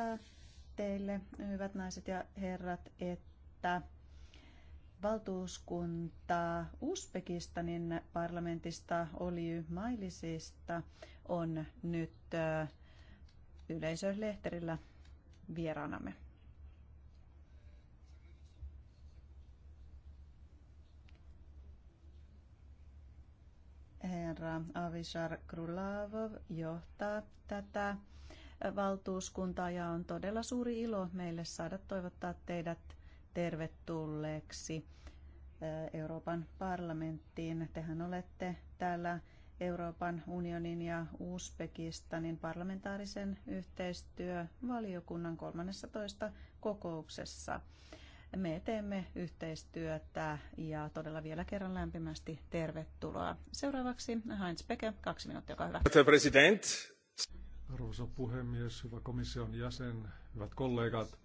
muistuttaa teille, hyvät naiset ja herrat, että valtuuskunta Uzbekistanin parlamentista Olju Mailisista on nyt yleisölehterillä vieraanamme. Herra Avishar Krulavov johtaa tätä Valtuuskunta ja on todella suuri ilo meille saada toivottaa teidät tervetulleeksi eh, Euroopan parlamenttiin. Tehän olette täällä Euroopan unionin ja Uzbekistanin parlamentaarisen yhteistyövaliokunnan 13. kokouksessa. Me teemme yhteistyötä ja todella vielä kerran lämpimästi tervetuloa. Seuraavaksi Heinz Beke, kaksi minuuttia, olkaa hyvä. President, Arvoisa puhemies, hyvä komission jäsen, hyvät kollegat.